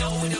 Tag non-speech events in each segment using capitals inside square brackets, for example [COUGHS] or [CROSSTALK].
know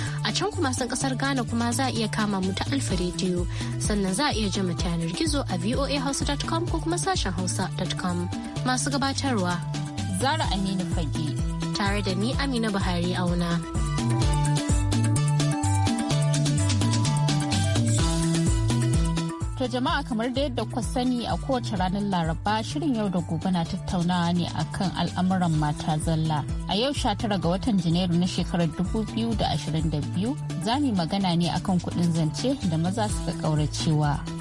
can kuma sun kasar Ghana kuma za a iya kama mu ta Alfa Radio sannan za a iya jin ta yanar gizo a voahouse.com ko kuma sashen hausa.com masu gabatarwa Zara Aminu Fage tare da ni Amina Buhari auna. To jama'a kamar da yadda kuka sani a kowace ranar Laraba shirin yau da gobe na tattaunawa ne akan al'amuran mata zalla. A yau sha tara ga watan Janairu na shekarar dubu biyu da ashirin 2022 za mu magana ne akan kuɗin zance da maza suka ƙauracewa.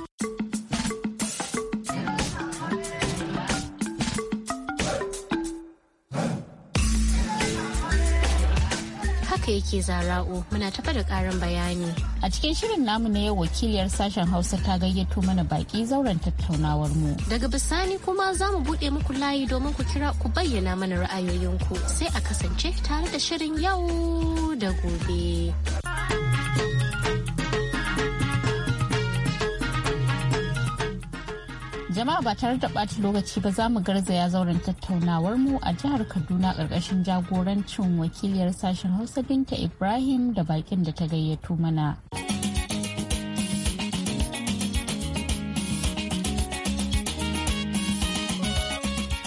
haka yake zara'u muna tafa da karin bayani. A cikin shirin namu na yau wakiliyar sashen Hausa ta gayyato mana baki zauren tattaunawar mu. Daga bisani kuma za mu buɗe muku layi domin ku kira ku bayyana mana ra'ayoyinku sai a kasance tare da shirin yau da gobe. Jama'a ba tare da ɓata lokaci ba za mu garzaya zauren tattaunawar mu a jihar Kaduna ƙarƙashin jagorancin wakiliyar sashen Hausa Binta Ibrahim da bakin da ta gayyato mana.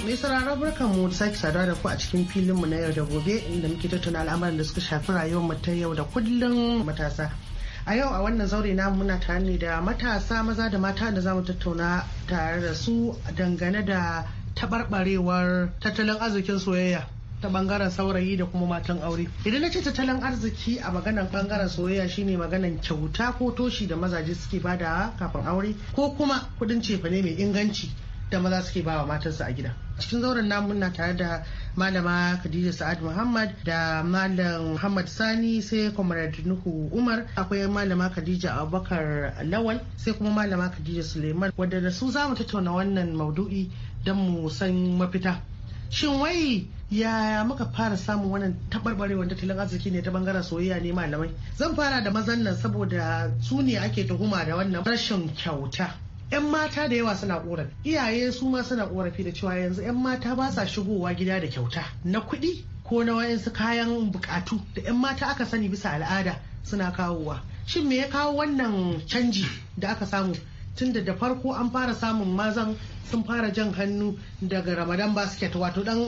Mai sauraron barkan mu da sake saduwa da ku a cikin filin mu na yau da gobe inda muke tattauna al'amuran da suka shafi rayuwar mu ta yau da kullum matasa. a yau a wannan zaure na muna tare ne da matasa maza da mata da zamu tattauna tare da su dangane da tabarbarewar tattalin arzikin soyayya ta bangaren saurayi da kuma matan aure idan na ce tattalin arziki a maganan bangaren soyayya shine maganan kyauta ko toshi da mazaje suke bada kafin aure ko kuma kudin cefane mai inganci da maza suke bawa matansu a gida a cikin zauren namu na tare da malama khadija sa'ad muhammad da malam muhammad sani sai comrade nuhu umar akwai malama khadija abubakar lawal sai kuma malama khadija suleiman wadda da su zamu tattauna wannan maudu'i don mu san mafita shin wai ya muka fara samun wannan wanda tattalin arziki ne ta bangaren soyayya ne malamai zan fara da mazan nan saboda su ne ake tuhuma da wannan rashin kyauta 'yan mata da yawa suna korafi iyaye su ma suna korafi da cewa yanzu 'yan mata ba sa shigowa gida da kyauta na kuɗi ko na wayansu kayan bukatu da 'yan mata aka sani bisa al'ada suna kawowa shin me ya kawo wannan canji da aka samu tunda da farko an fara samun mazan sun fara jan hannu daga ramadan basket wato dan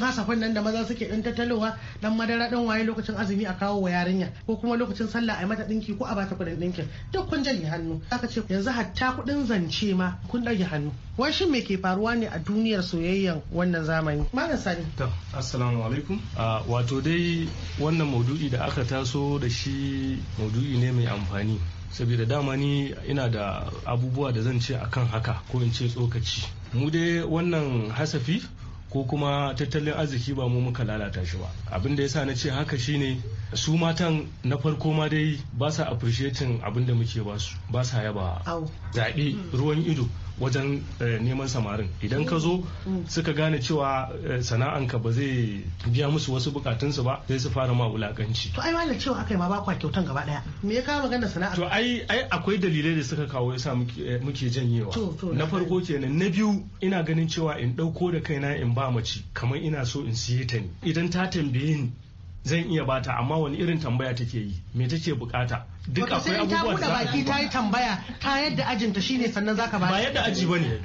hasafin nan da maza suke dan tattalowa dan madara dan waye lokacin azumi a kawo wa yarinya ko kuma lokacin sallah a mata dinki ko a bata kudin dinkin duk kun janye hannu aka ce yanzu hatta kudin zance ma kun dage hannu wai shin me ke faruwa ne a duniyar soyayyan wannan zamani malam sani to assalamu alaikum wato dai wannan maudu'i da aka taso da shi maudu'i ne mai amfani saboda dama ni ina da abubuwa da zan ce akan haka ko in ce tsokaci mu dai wannan hasafi ko kuma tattalin arziki ba mu muka lalata shi ba abin da yasa na ce haka shine su matan na farko ma dai ba sa appreciating abin da muke ba su ba sa yaba zaɓi ruwan ido wajen eh, neman samarin idan ka zo mm. Mm. suka gane cewa eh, sana'anka ba zai biya musu wasu bukatunsu ba sai su fara ma wulakanci to ai wani cewa yi ma ba kwa kyautan gaba daya me ya kawo magana sana'a to ai ai akwai dalilai da suka kawo yasa eh, muke janyewa na farko kenan na biyu ina ganin cewa in dauko da kaina in ba mace kamar ina so in siye ta ne idan ta tambaye ni zan iya bata amma wani irin tambaya take yi me take bukata duk akwai abubuwan da baki ta yi tambaya ta yadda ajinta shine sannan zaka ba ba yadda aji bane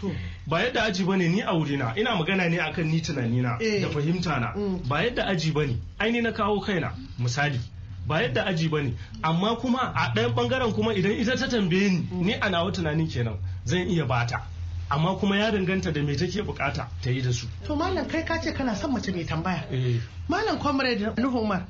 ba yadda aji bane ni a wurina ina magana ne akan ni tunani na eh. da fahimta na mm. ba yadda aji bane aini na kawo kaina misali ba yadda aji bane amma kuma a ɗayan bangaren kuma idan ita ta tambaye ni mm. ni a nawa tunanin kenan zan iya bata amma kuma ya danganta da me take bukata ta yi da su to malam kai ka ce kana son mace mai tambaya eh. malam comrade nuhu umar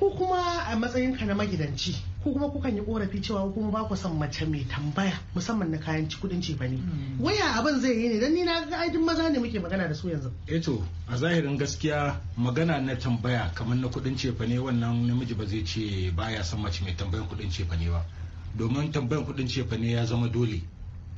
ko kuma a matsayin ka na magidanci ko kuma kukan yi korafi cewa kuma ba ku son mace mai tambaya musamman na kayan kudin ce bane hmm. waya abin zai yi ne dan ni na ga aidin maza ne muke magana da su yanzu eto eh a zahirin gaskiya magana na tambaya kamar na kudin ce ne wannan namiji ba zai ce baya san mace mai tambayan kudin ce ne ba domin tambayan kudin ce ne ya zama dole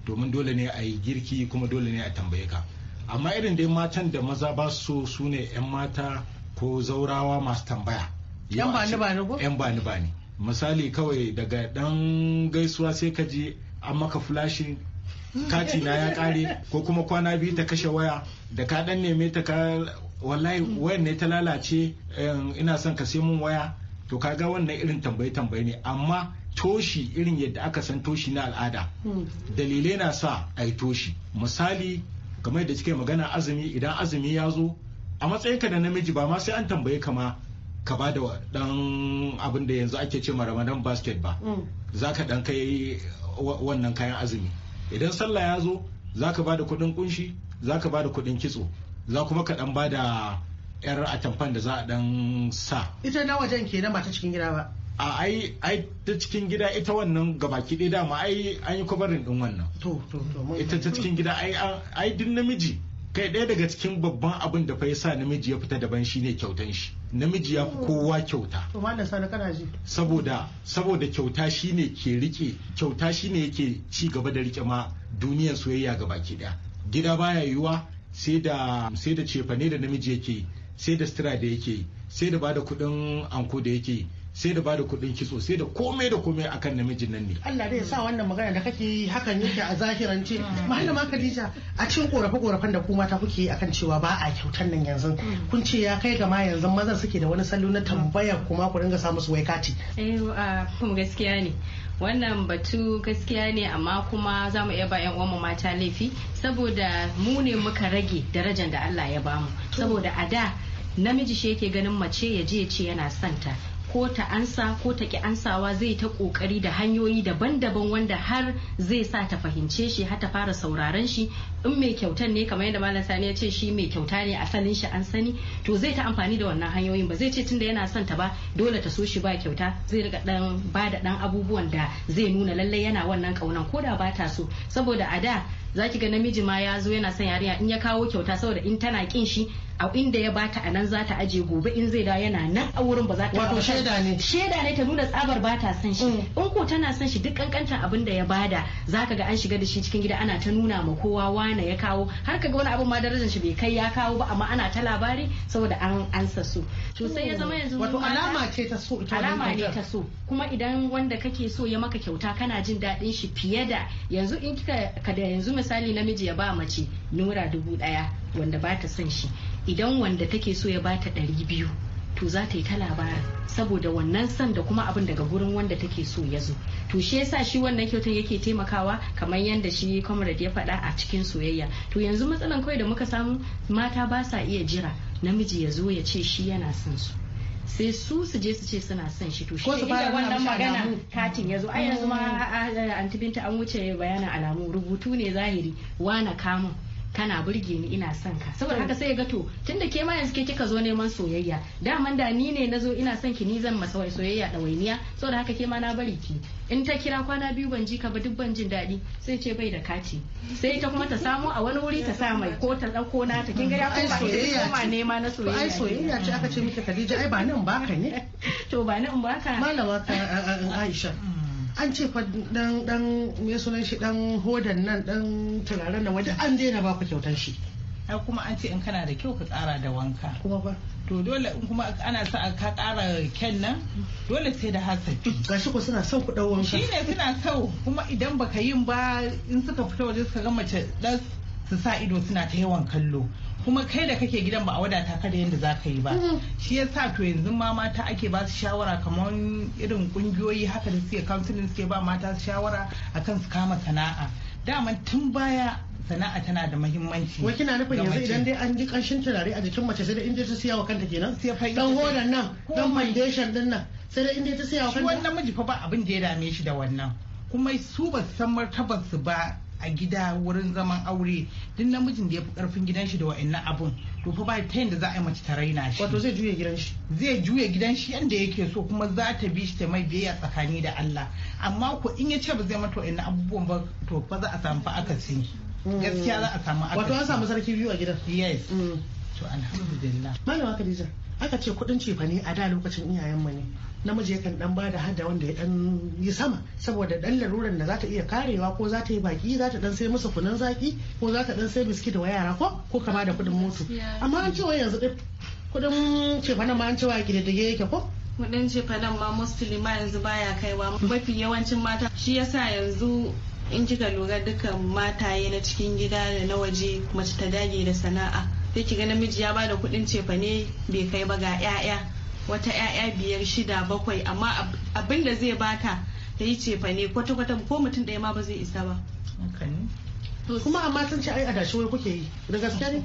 domin dole ne a yi girki kuma dole ne a tambaye ka amma irin dai matan da maza ba su su ne 'yan mata ko zaurawa masu tambaya yan bani bani ko yan bani bani misali kawai daga dan gaisuwa sai ka je an maka flashi kati na ya kare ko kuma kwana biyu ta kashe waya da ka dan neme ta ka wallahi wayar ne ta lalace ina son ka sai mun waya to ka ga wannan irin tambaye tambaye ne amma toshi irin yadda aka san toshi na al'ada hmm. dalilai na sa a yi toshi misali kamar da cikin magana azumi idan azumi ya zo a matsayinka da namiji ba ma sai an tambaye ka ma ka ba da dan abin da yanzu ake ce ramadan basket ba mm. za ka dan kai wannan kayan azumi idan sallah ya zo za ka ba da kudin kunshi za ka ba da kudin kitso za kuma ka dan ba da yar atamfan da za a dan sa ita na wajen kenan ba ta cikin gida ba a ai ai ta cikin gida ita wannan gabaki ɗaya dama ai an yi kwabarin din wannan to to to ita ta cikin gida ai ai din namiji kai ɗaya daga cikin babban abin da fa yasa namiji ya fita daban shine kyautan shi namiji ya fi oh. kowa kyauta saboda kyauta shine ke rike kyauta shine yake ci gaba da rike ma duniyar soyayya gaba baki daya gida baya yiwuwa sai da sai da cefane da namiji yake sai da sutura da yake sai da bada kuɗin anko da yake yi. sai da bada kuɗin kitso sai da komai da komai akan namijin nan ne Allah dai sa wannan magana da kake yi hakan yake a zahirance ma Khadija a cikin korafe korafen da kuma ta kuke yi akan cewa ba a kyautar nan yanzu kun ce ya kai gama ma yanzu mazan suke da wani salo na tambaya kuma ku dinga samu su wai kati eh gaskiya ne wannan batu gaskiya ne amma kuma za mu iya bayan uwanmu mata laifi saboda mu ne muka rage darajar da Allah ya bamu saboda a da namiji shi yake ganin mace ya je ya ce yana santa ko ta ansa ko ta ki ansawa zai ta kokari da hanyoyi daban-daban wanda har zai sa ta fahimce shi har ta fara sauraron shi in mai kyautan ne kamar yadda malam sani ya ce shi mai kyauta ne asalin shi an sani to zai ta amfani da wannan hanyoyin ba zai ce tunda yana son ta ba dole ta so shi ba kyauta zai riga dan ba da dan abubuwan da zai nuna lallai yana wannan kaunan ko da ba ta so saboda a da zaki ga namiji ma ya zo yana son yarinya in ya kawo kyauta saboda in tana kin shi a inda ya bata a nan za ta aje gobe in zai dawo yana nan a wurin ba za ta wato shaida ne shaida ne ta nuna tsabar bata san shi mm. in ko tana son shi duk kankantan abin da ya bada zaka ga an shiga da shi cikin gida ana ta nuna ma kowa wane ya kawo har kaga wani abin ma darajar shi bai kai ya kawo ba amma ana ta labari saboda an ansa su to sai ya zama yanzu wato alama ce ta so alama ne ta so kuma idan wanda kake so ya maka kyauta kana jin daɗin shi fiye da yanzu in kika da yanzu misali namiji ya ba mace nura dubu ɗaya wanda ba ta son shi idan wanda take so ya bata ɗari biyu to za ta yi ta labara saboda wannan san da kuma abin daga gurin wanda take so ya zo to shi yasa shi wannan kyautar yake taimakawa kamar yadda shi comrade ya faɗa a cikin soyayya to yanzu matsalan kawai da muka samu mata ba sa iya jira namiji ya zo ya ce shi yana son su sai su su je su ce suna son shi to shi wannan magana katin ya zo ai yanzu ma mm. an an wuce bayanin alamu rubutu ne zahiri wana kamun kana burge ni ina son ka saboda hmm. haka sai ga to tunda ke ma yanzu ke kika zo neman soyayya daman da ni ne nazo ina son ki ni zan masa wai soyayya dawainiya saboda haka ke ma na bari ki in ta kira kwana biyu ban ji ka ba duk ban jin daɗi sai ce bai da kaci sai ta kuma ta samu a wani wuri ta sa mai ko ta dauko na ta kin ga ya kuma soyayya kuma nema na soyayya ai soyayya ce aka ce miki Khadija ai ba nan ka ne [LAUGHS] to ba nan ka malama eh, eh, eh, Aisha hmm. an ce fa dan dan me sunan shi dan hodan nan dan turaren nan wanda an daina ba ku kyautar shi ai kuma an ce in kana da kyau ka kara da wanka kuma ba to dole in kuma ana sa ka kara kyan nan dole sai da hasabi gashi ko suna son ku dau wanka shine suna so kuma idan baka yin ba in suka fita waje suka ga mace dan su sa ido suna ta yawan kallo kuma kai da kake gidan ba a wadata ka da yadda za ka yi ba mm-hmm. shi ya sa to yanzu ma mata ake ba su shawara kamar irin kungiyoyi haka da suke kamfanin suke ba mata shawara akan su kama sana'a daman tun baya sana'a tana da mahimmanci. Wai kina nufin yanzu idan dai an ji kanshin turare a jikin mace sai da inda ta siya wa kanta kenan? Dan hodan nan, dan foundation din nan, sai da inda ta siya wa kanta. Shi wannan miji fa ba abin da ya dame shi da wannan. Kuma su ba san martabar su ba a gida wurin zaman aure duk namijin da ya fi karfin gidan shi da wa'annan abun to fa ba ta yadda za a yi mace ta raina shi wato zai juya gidan shi zai juya gidan shi yanda yake so kuma za ta bi shi ta mai biyayya tsakani da Allah amma ko in ya ce ba zai mata wa'annan abubuwan ba to fa za a samu fa akasi mm. gaskiya za a samu akasi wato an samu sarki biyu a gidan yes mm. to alhamdulillah malama Khadija aka ce kudin cefane a da lokacin iyayenmu ne namiji yakan dan bada hada wanda ya dan yi sama saboda dan laruran da zata iya karewa ko zata yi baki zata dan sai musu kunan zaki ko zata dan sai biskit wa yara ko ko kama da kudin moto amma an ce wai yanzu din kudin cefanen ma an ce wa kididige yake ko kudin nan ma mostly ma yanzu baya kaiwa mafi yawancin mata shi yasa yanzu in kika lura dukkan mataye na cikin gida da na waje mace ta dage da sana'a sai ki ga namiji ya bada kudin cefane bai kai ba ga 'ya'ya wata 'ya'ya biyar shida bakwai amma abin da zai baka ta yi cefane kwata-kwata ko mutum daya ma ba zai isa ba kuma amma sun ce ai adashi wai kuke yi da gaske ne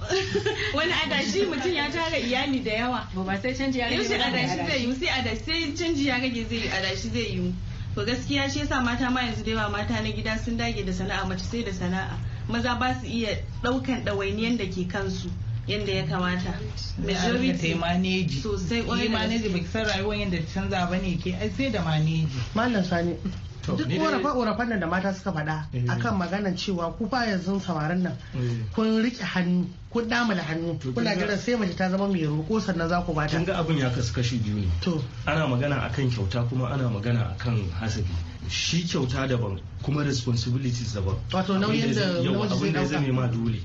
[LAUGHS] wani adashi mutum ya tara iyali da yawa ba sai canji ya rage adashi zai yi sai adashi sai canji ya rage zai yi adashi zai yi to gaskiya shi yasa mata ma yanzu da yawa mata na gida sun dage da sana'a mace sai da sana'a maza ba su iya ɗaukan ɗawainiyan da ke kansu yadda ya kamata majority maneji sosai wani maneji ba san yadda canza ba ne ke ai sai da sani duk orafa orafan nan da mata suka faɗa eh. akan maganan cewa ku fa yanzu samarin nan eh. kun rike hannu kun dama da hannu kuna jira sai mace ta zama mai roƙo sannan za ku bata kin ga abin ya kasu kashi biyu ne ana magana akan kyauta kuma ana magana akan hasabi shi kyauta daban kuma responsibilities daban wato nauyin da abin da zai ma dole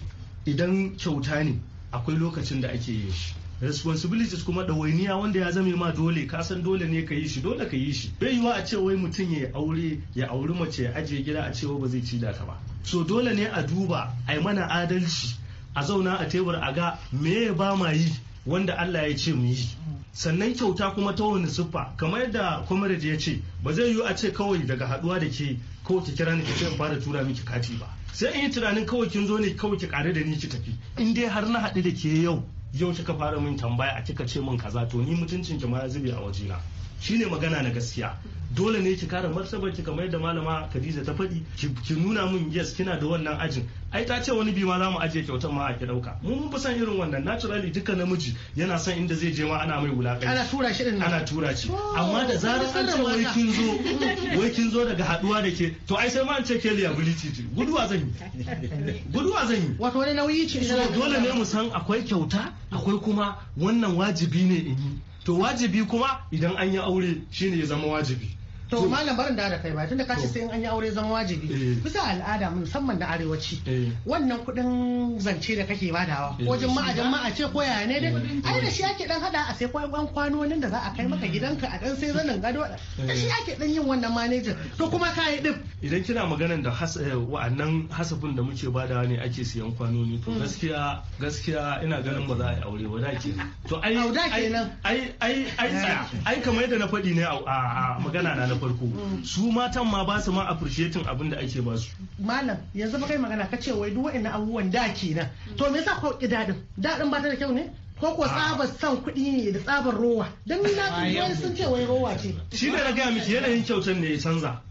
idan kyauta ne akwai lokacin da ake yin shi responsibilities kuma ɗawainiya wanda ya zame ma dole kasan san dole ne ka yi shi dole ka yi shi bai yiwa a ce wai mutum ya aure ya auri mace ya ajiye gida a cewa ba zai ci da ta ba so dole ne a duba a yi mana adalci a zauna a tebur a ga me ba ma yi wanda Allah ya ce mu yi sannan kyauta kuma ta wani siffa kamar yadda comrade ya ce ba zai yiwu a ce kawai daga haduwa da ke kawai ki kira ni ki ce in fara tura miki kati ba sai in yi tunanin kawai kin zo ne kawai ki kare da ni ki tafi in dai har na haɗu da ke yau yau kika fara min tambaya a kika ce min kaza to ni mutuncin ki ma ya zube a wajena shine magana na gaskiya dole ne ki kare martabar ki kamar yadda malama Khadija ta faɗi ki nuna mun yes kina da wannan ajin ai ta ce wani bi ma za mu ajiye kyautar ma a ki dauka mu mun fi son irin wannan naturally duka namiji yana son inda zai je ma ana mai wulakai ana tura shi din ana tura shi oh, amma da zarar an ce wai kin zo wai kin zo daga haduwa da ke to ai sai ma an ce ke liability ji guduwa zan yi guduwa zan yi wato wani nauyi ce dole ne mu san akwai kyauta akwai kuma wannan wajibi ne in yi to wajibi kuma idan an yi aure shine ya zama wajibi to malam barin da da kai ba tunda ka ce sai in an yi aure zama wajibi eh. bisa al'ada musamman na arewaci eh. wannan kuɗin zance da kake badawa ko ma a ce ko yaya ne dai eh. ai da shi ake dan hada a sai ko kwano kwanonin da za a kai maka mm. gidanka a dan sai zanin gado da shi ake dan yin wannan manager to kuma ka yi din idan kina maganar da wa'annan hasafin da muke badawa ne ake siyan kwanoni to mm. gaskiya gaskiya ina ganin ba za a yi aure ba dake. ke to ai ai ai ai kamar yadda na faɗi ne a magana na na farko mm. su matan ma ba su ma appreciating abin da ake ba su malam yanzu ba kai magana kace wai duk wa'annan abubuwan da na. to me yasa ko dadin dadin ba ta da kyau ne ko ko tsabar son kuɗi ne da tsabar rowa don ni na ah, wani sun ce wai rowa ce shi ne na gaya miki yanayin kyautar ne ya canza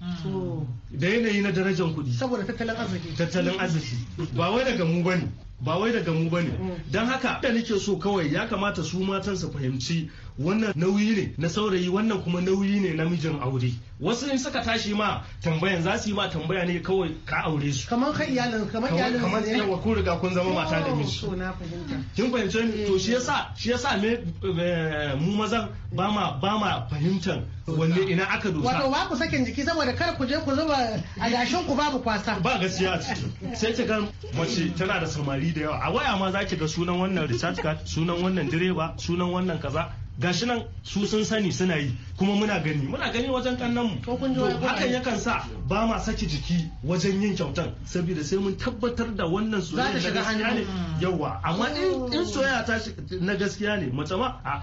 da yanayi na darajar kuɗi saboda tattalin arziki tattalin arziki ba wai daga mu bane ba wai daga mu bane mm. don haka da nake so kawai ya kamata su matan su fahimci wannan nauyi ne na saurayi wannan kuma nauyi ne na mijin aure wasu in suka tashi ma tambayan za su yi ma tambaya ne kawai ka aure su kamar kan iyalin kamar iyalin kamar wa ku riga kun zama mata da miji so na fahimta kin fahimce ni to shi eh. yasa shi yasa me eh, mu mazan ba ma ba ma fahimtar wanne ina aka dosa wato ba ku sakin jiki saboda kar ku je ku zuba a gashin ku babu kwasa ba gaskiya a ciki sai ki ga mace tana da samari da yawa a waya ma za ki ga sunan wannan research card sunan wannan direba sunan wannan kaza gashi nan su sun sani suna yi kuma muna gani muna gani wajen kannan mu hakan yakan sa ba ma saki jiki wajen yin kyautan saboda sai mun tabbatar da wannan soyayya na gaskiya ne yawa amma oh. in soyayya ta na gaskiya ne mace ma a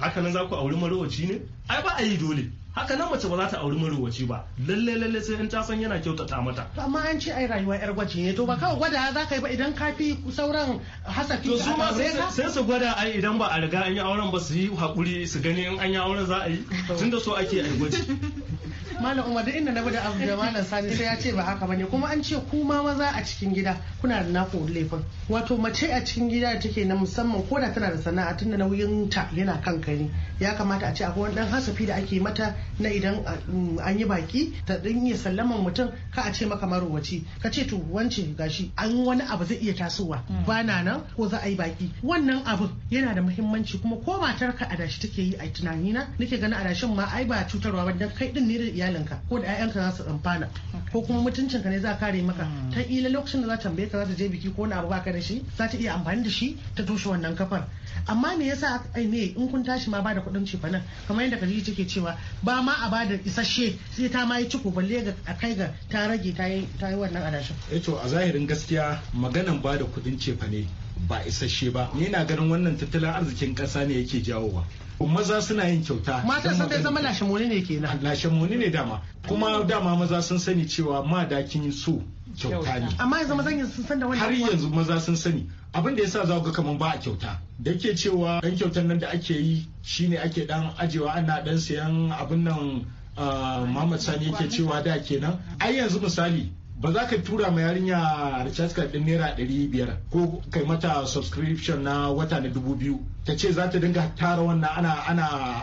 haka nan za ku auri marowaci ne ai ba a yi dole haka nan mace ba za ta auri maruwaci ba lalle lalle sai in ta san yana kyautata mata amma an ce ai rayuwa yar gwaje ne to ba kawai gwada za ka yi ba idan ka fi sauran hasafi to su ma sai su gwada ai idan ba a riga an yi auren ba su yi hakuri su gani in an yi auren za a yi tunda so ake ai gwaji [LAUGHS] malam umar da inda na bi da abu da malam sani sai ya ce ba haka bane kuma an ce ku ma maza a cikin gida kuna da naku laifin wato mace a cikin gida da take na musamman ko da tana da sana'a da nauyin ta yana kan kai. ya kamata a ce akwai dan hasafi da ake mata na idan mm, an yi baki ta din iya sallaman mutum ka a ce maka marowaci ka ce to wance gashi an wani abu zai iya tasowa hmm. ba na nan ko za a yi baki wannan abu yana da muhimmanci kuma ko matarka adashi take yi a tunanina nake ganin adashin ma ai ba cutarwa ba dan kai din ne da iyalinka ko da 'ya'yanka za su amfana ko kuma mutuncinka ne za kare maka hmm. ta ila lokacin da za ta ka za ta je biki ko na abu baka da shi za ta iya amfani da shi ta tushe wannan kafar amma me yasa ai me in kun tashi ma bada kuɗin ci fanan kamar yadda kaji take cewa ba ma a ba da isasshe sai ta ma yi ciko balle ga a kai ga ta rage ta yi ta yi wannan adashin eh to a zahirin gaskiya maganan bada kuɗin cefane ba isasshe ba ni na ganin wannan tattalin arzikin ƙasa ne yake jawowa maza suna yin kyauta mata sun dai zama lashamuni ne kenan lashamuni ne dama kuma dama maza sun sani cewa ma kin so kyauta ne amma yanzu maza sun san da wani har yanzu maza sun sani abin da yasa za ga kaman ba a kyauta da yake cewa dan kyautan nan da ake yi shine ake dan ajewa ana dan sayan abin nan ah, Muhammad Sani yake cewa da kenan ai yanzu misali ba za ka tura ma yarinya recharge card din naira ɗari biyar ko kai mata subscription na wata na dubu biyu ta ce za ta dinga tara wannan ana ana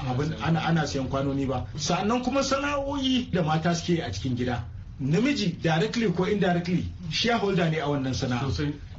abin ana ana sayan kwanoni ba sannan kuma sana'o'i da mata suke a cikin gida namiji directly ko indirectly shareholder ne a wannan sana'a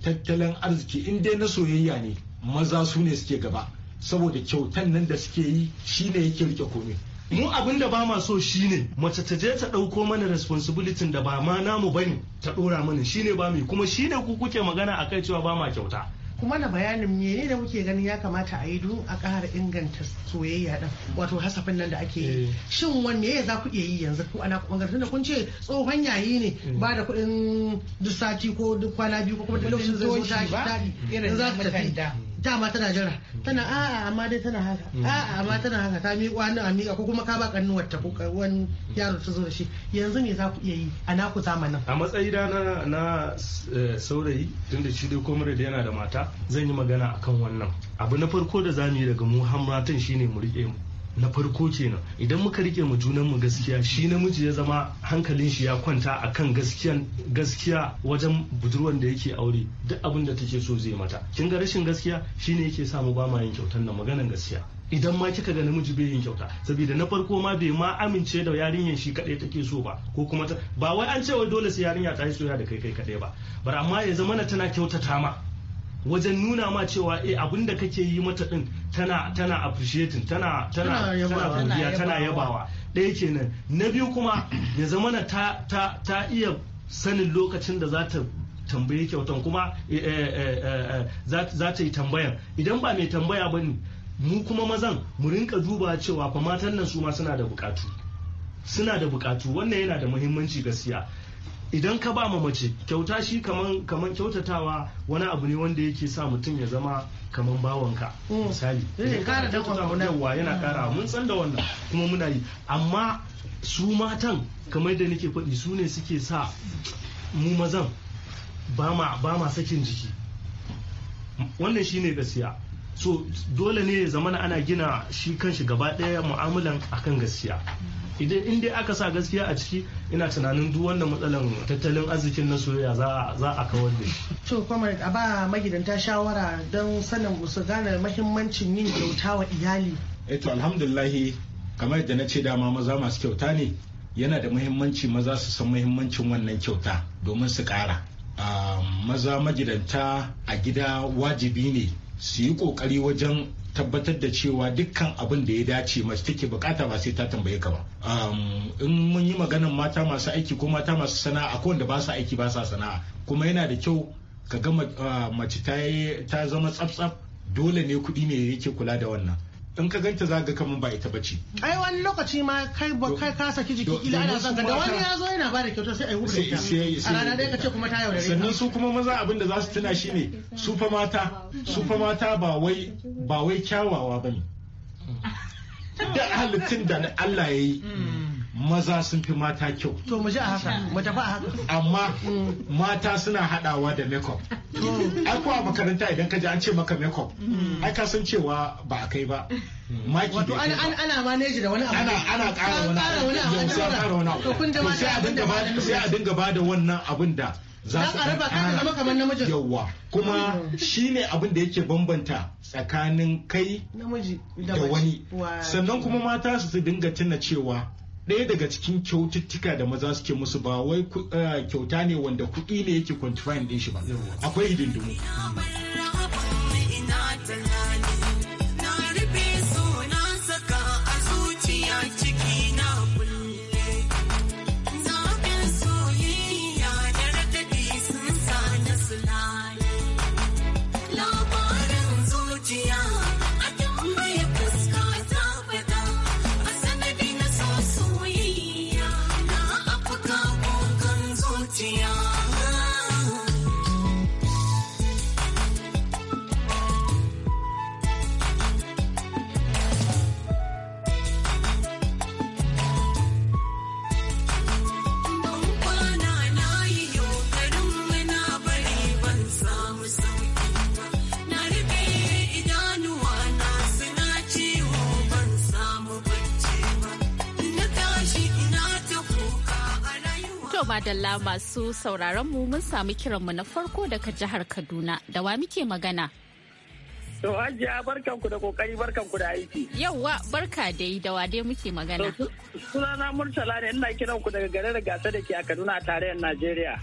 tattalin arziki in dai na soyayya ne maza su ne suke gaba saboda kyautan nan da suke yi shine yake rike komai mu abin da ba ma so shine mace ta je ta ɗauko mana responsibility da ba ma namu bane ta ɗora mana shine ba mai kuma shine ku kuke magana akai cewa ba ma kyauta kuma na bayanin mene da muke ganin ya kamata a yi don a ƙara inganta soyayya din wato hasafin nan da ake yi eh. shin wanne ya za ku iya yi yanzu ko ana bangaren da kun ce tsohon yayi ne mm. ba da kuɗin duk sati ko kwana biyu ko kuma duk lokacin zai zo tashi irin za ta tafi dama tana jira tana a'a amma dai tana haka mm. a'a amma tana haka ta mi hannu a miƙa ko kuma ka ba kannuwar ta ko wani yaro ta zo da shi yanzu me za ku iya yi a naku zamanin a matsayi da na na eh, saurayi tunda shi dai komai da yana da mata zan yi magana akan wannan abu na farko da zamu yi daga mu hamratan shine mu rike mu na farko kenan idan muka rike mu junan mu gaskiya shi namiji ya zama hankalin shi ya kwanta akan gaskiyan gaskiya wajen budurwan da yake aure duk abin da take so zai mata kin ga rashin gaskiya shine yake sa mu ba ma yin kyautan nan maganan gaskiya idan ma kika ga namiji bai yin kyauta saboda na farko ma bai ma amince da yarinyar shi kadai take so ba ko kuma ba wai an ce wai dole sai yarinya ta yi soyayya da kai kai kadai ba bar amma ya zama na tana kyautata ma wajen nuna ma cewa eh abin da kake yi mata din tana tana appreciating tana tana tana godiya tana yabawa ɗaya kenan na biyu kuma [COUGHS] ya zamana ta ta ta iya sanin lokacin da za ta tambaye kyautan kuma eh, eh, eh, za ta yi tambayan idan ba mai tambaya ba ne mu kuma mazan mu rinka duba cewa fa matan nan su ma suna da bukatu suna da bukatu wannan yana da muhimmanci gaskiya idan ka ba ma mace kyauta shi kaman kyautatawa wani abu ne wanda yake sa mutum ya zama kaman bawanka mm. misali kara da yawa yana kara mm. mun san da wannan kuma muna yi amma su matan kamar da nake faɗi su ne suke sa mu mazan ba ma sakin jiki wannan shi ne gaskiya so dole ne ya zamana ana gina shi kanshi gaba ɗaya mu'amalan akan gaskiya idan in dai aka sa gaskiya a ciki ina tunanin duk wannan matsalan tattalin arzikin na soyayya za a kawar da shi to kuma a ba magidanta shawara don sanin su gane mahimmancin yin kyauta wa iyali eh to alhamdulillah kamar da na ce dama maza masu kyauta ne yana da mahimmanci maza su san mahimmancin wannan kyauta domin su kara ah, maza magidanta a gida wajibi ne su yi kokari wajen tabbatar da cewa dukkan abin da ya dace mace take bukata ba sai ta tambaye ka ba um, in mun yi maganan mata masu aiki ko mata masu sana'a a kowanda ba sa aiki ba sa sana'a kuma yana da kyau ka ga uh, mace ta zama tsaf dole ne kuɗi ne yake kula da wannan in ka ganta za ka kamun ba ita bace ai wani lokaci ma kai ba kai ka saki jiki kila ana zanga da wani ya zo yana bada da kyauta sai ai ta a rana dai ka ce kuma ta yaudare sannan su kuma maza abin da za su tuna shine su fa mata su fa mata ba wai ba wai kyawawa bane mm. da halittun da Allah ya yi mm. maza sun fi mata kyau to mu ji a haka mu tafi a haka amma mm. mata suna haɗawa da makeup ai kuwa makaranta idan ka ji an ce maka makeup mm. ai ka san cewa ba a kai ba maki wato ana ana manage da wani abu ana ana ƙara wani abu sai a ƙara wani abu sai a dinga ba sai a dinga ba da wannan abin da za su raba kan zama kamar namiji. Yawwa. kuma mm. shine abin da yake bambanta tsakanin kai da wani sannan kuma mata su dinga tuna cewa ɗaya daga cikin kyaututtuka da maza suke musu ba wai eh, kyauta ne wanda kuɗi ne yake kwantifayin ɗin shi ba akwai hidindimu Tiana. madalla masu sauraron mu mun samu kiranmu na farko daga jihar Kaduna. Da wa muke magana? To hajiya barkanku da kokari barkanku da aiki. Yawwa barka dai da wade muke magana. Sunana Murtala ne ina kiran ku daga garin gasa da ke a Kaduna tarayyar Najeriya.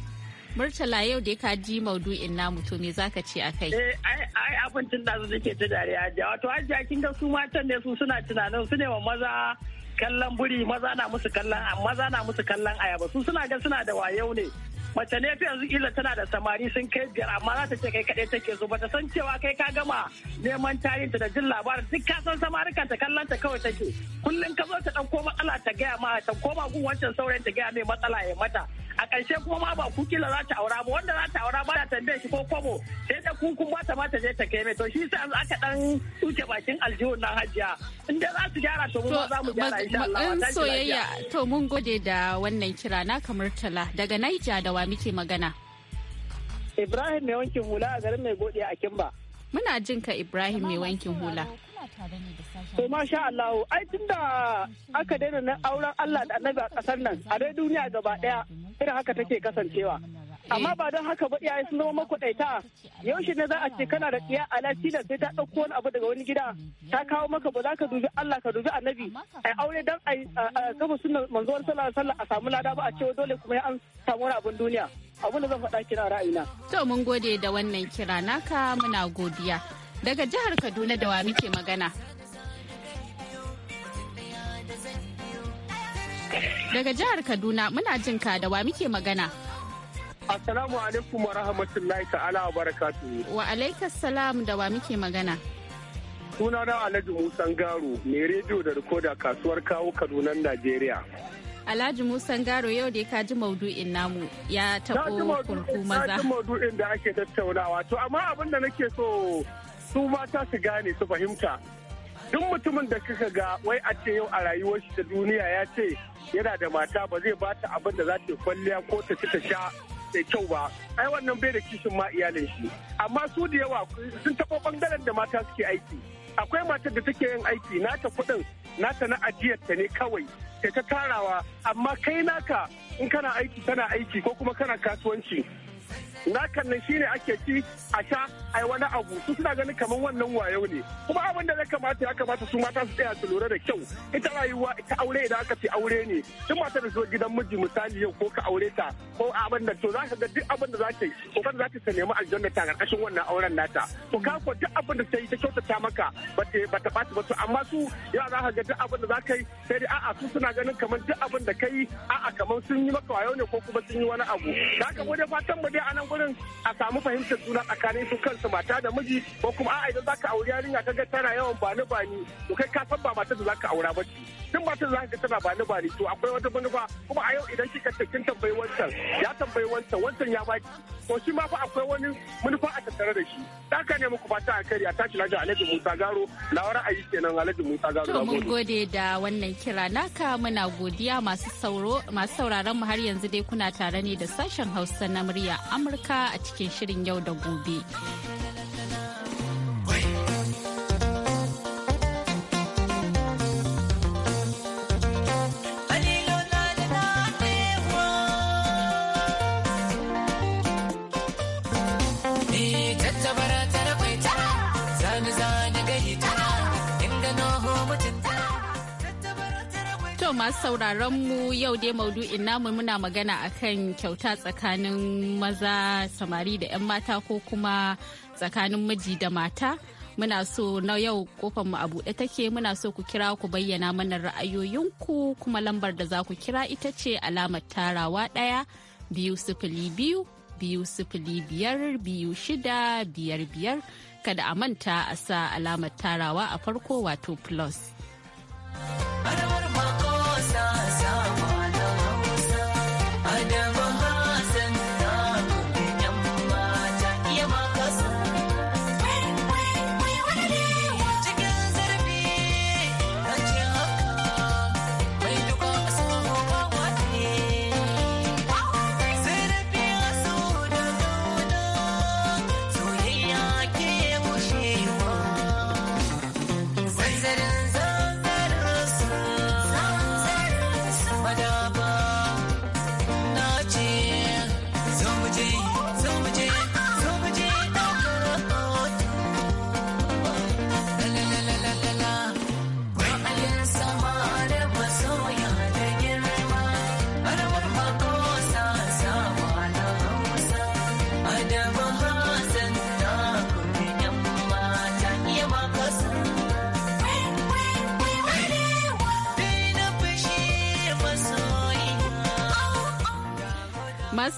Murtala yau dai ka ji maudu'in namu to me zaka ce akai? Eh ai abincin da su ke ta dariya hajiya wato hajiya kin ga su matan ne su suna tunanin su ne wa maza kallon buri maza na musu kallon maza na musu kallon ayaba su suna ga suna da wayo ne mace ne fi yanzu ila tana da samari sun kai biyar amma za ta ce kai kaɗai take so bata san cewa kai ka gama neman tarihinta da jin labarin duk ka san samarikan ta kallon ta kawai take kullum ka zo ta ɗauko matsala ta gaya ma ta koma gun wancan saurayin ta gaya mai matsala ya mata a ƙarshe kuma ma ba ku kila za ta aura ba wanda za ta aura ba ta tambaye shi ko kwabo sai da ku kun ta ma ta je ta kai mai to shi sa aka dan tuke bakin aljihun nan hajiya in dai za su gyara to mu za mu gyara insha Allah in soyayya to mun gode da wannan kira na kamar tala daga Niger da wa muke magana Ibrahim mai wankin hula a garin mai godiya a Kimba Muna jin ka Ibrahim mai wankin hula. masha Allah, ai tun da aka daina na auren Allah da annabi a kasar nan, a dai duniya gaba ɗaya irin haka take kasancewa. amma ba don haka ba iyaye sun zama makwaɗaita yaushe ne za a ce kana da tsiya a lafiya sai ta ɗauko wani abu daga wani gida ta kawo maka ba za ka dubi Allah ka dubi annabi a aure dan ai gaba suna manzo sallallahu a samu lada ba a cewa dole kuma ya an samu wani abun duniya abun da zan faɗa kira ra'ayina to mun gode da wannan kira naka muna godiya Daga jihar Kaduna da wa muke magana. Daga jihar Kaduna muna jin ka da wa muke magana. Assalamu alaikum wa rahmatullahi ta'ala wa barakatu. Wa alaikas salam da wa muke magana. Suna na Alhaji Musan Garo, mai rediyo da rikoda kasuwar kawo Kadunan Najeriya. Alhaji Musan Garo yau da ka ji maudu'in namu ya taɓo kurkuma maza. Na ji maudu'in da ake tattaunawa. To amma abin da nake so su mata su gane su fahimta duk mutumin da kika ga wai a ce yau a rayuwar shi ta duniya ya ce yana da mata ba zai bata abin da za ta kwalliya ko ta ci ta sha da kyau ba ai wannan bai da kishin ma iyalin shi amma su da yawa sun taɓa bangaren da mata suke aiki akwai matar da take yin aiki nata kuɗin nata na ajiyar ta ne kawai ta ta tarawa amma kai naka in kana aiki kana aiki ko kuma kana kasuwanci nakan nan shine ake ci a sha ai wani abu su suna ganin kamar wannan wayo ne kuma abin da ya kamata ya kamata su mata su tsaya su lura da kyau ita rayuwa ita aure idan aka ce aure ne duk mata da zo gidan miji misali yau ko ka aure ta ko abin da to za ka ga duk abin da za ka yi kan za ta sa nemi aljanna ta karkashin wannan auren nata to ka ko duk abin da sai ta kyautata maka ba ta ba ta ba to amma su ya za ka ga duk abin da za ka yi sai dai a'a su suna ganin kamar duk abin da kai a'a kamar sun yi maka wayo ne ko kuma sun yi wani abu da ka mu fatan mu dai anan gurin a samu fahimtar suna tsakanin su kansu mata da miji ko kuma a'a idan zaka auri yarinya ka ga tana yawan bani bani to kai ka san ba matar da zaka aura ba tun mata da zaka ga tana bani bani to akwai wata manufa kuma a yau idan kika kin tambayi wancan ya tambayi wancan wancan ya baki to shi ma fa akwai wani manufa a tattare da shi daka ne muku fata a kari a tashi lafiya Alhaji Musa Garo na ayi kenan Alhaji Musa Garo to mun gode da wannan kira naka muna godiya masu sauro masu sauraron mu har yanzu dai kuna tare ne da sashen Hausa na murya Amurka a cikin shirin yau da gobe To masu sauraron mu yau dai maudu'in namu muna magana akan kyauta tsakanin maza samari da 'yan mata ko kuma tsakanin miji da mata. Muna so na yau kofar mu a buɗe take muna so ku kira ku bayyana mana ra'ayoyinku kuma lambar da za ku kira ita ce alamar tarawa ɗaya biyu sifili biyu biyu sifili biyar biyu shida biyar biyar kada a manta a sa alamar tarawa a farko wato plus.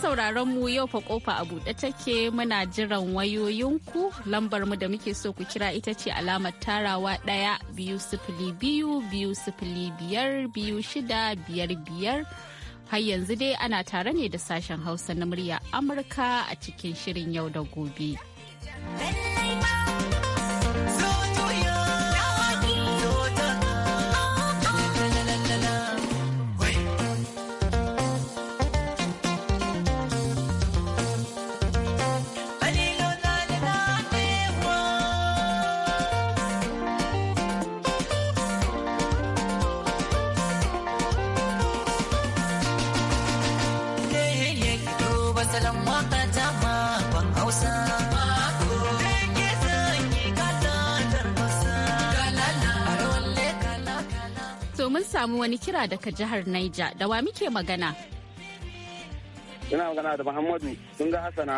sauraron mu yau fa kofa a buɗe take muna jiran wayoyinku lambar mu da muke so ku kira ita ce alamar tarawa ɗaya biyu sifili biyu biyu sifili biyar biyu shida biyar biyar har yanzu dai ana tare ne da sashen hausa na murya amurka a cikin shirin yau da gobe. salon waka ta ma hausa To mun samu wani kira daga jihar Niger da wa muke magana? Ina magana da Muhammadu sun ga Hassana.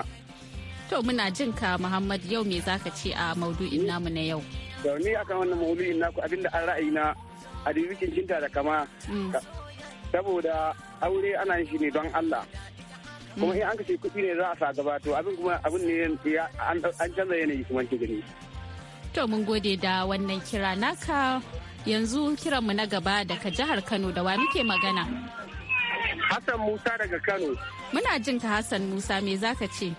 To muna jin ka Muhammad yau me zaka ce a maudu'in namu na yau? Da ni akan wannan maudu'in naku abinda an ra'ayi na a da jinta da kama. Mm. Saboda aure ana yin shi ne don Allah. kuma in an kashe kuɗi ne za a sa gaba to abin kuma abin ne an canza yanayi kuma ke gani. To mun gode da wannan kira naka yanzu mu na gaba daga jihar Kano da wa muke magana. Hassan Musa daga Kano. Muna jin ka Hassan Musa me za ka ce?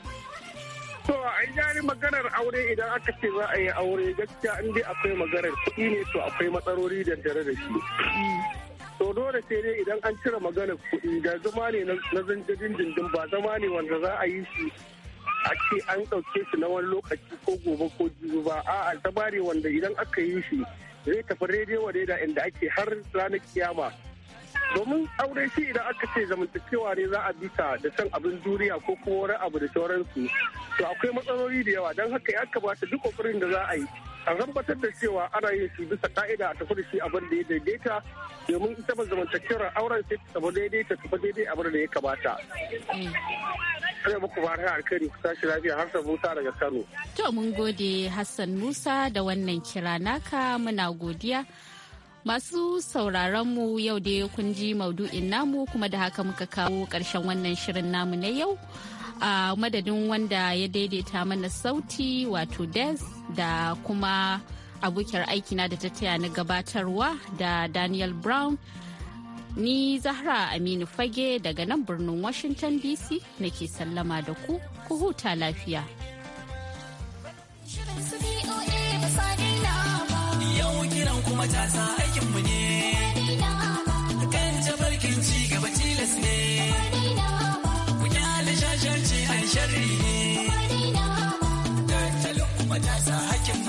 To yi jari maganar aure idan aka ce za a yi aure gaskiya in akwai maganar kuɗi ne to akwai matsaloli da dare da shi. Mm. to dole sai dai idan an cire magana kuɗi da zama ne na zanjabin jindin ba zama ne wanda za a yi shi a ce an ɗauke shi na wani lokaci ko gobe ko jibi ba a'a zama ne wanda idan aka yi shi zai tafi rediyo wa da inda ake har ranar kiyama domin aure shi idan aka ce zamantakewa ne za a bita da san abin duniya ko kuma wani abu da sauransu to akwai matsaloli da yawa don haka ya kamata duk kokarin da za a yi a tabbatar da cewa ana yin shi bisa ka'ida a tafi da shi abin da ya daidaita domin ita ba zamantakewar auren sai ta tafi daidai ta tafi daidai abin da ya kamata. Sai muku ba har alkhairi ku tashi lafiya Hassan Musa daga Kano. To mun gode Hassan Musa da wannan kira naka muna godiya. Masu sauraron mu yau da kun ji maudu'in namu kuma da haka muka kawo ƙarshen wannan shirin namu na yau. a madadin wanda ya daidaita mana sauti wato des da kuma abokiyar aikina da ta taya na gabatarwa da daniel brown ni zahra aminu fage daga nan birnin washington dc nake sallama da ku ku huta lafiya yau kiran kuma tasa aikinmu ne kan jabarkin ci gaba tilas ne sharri ne. Tattalin kuma ta sa hakin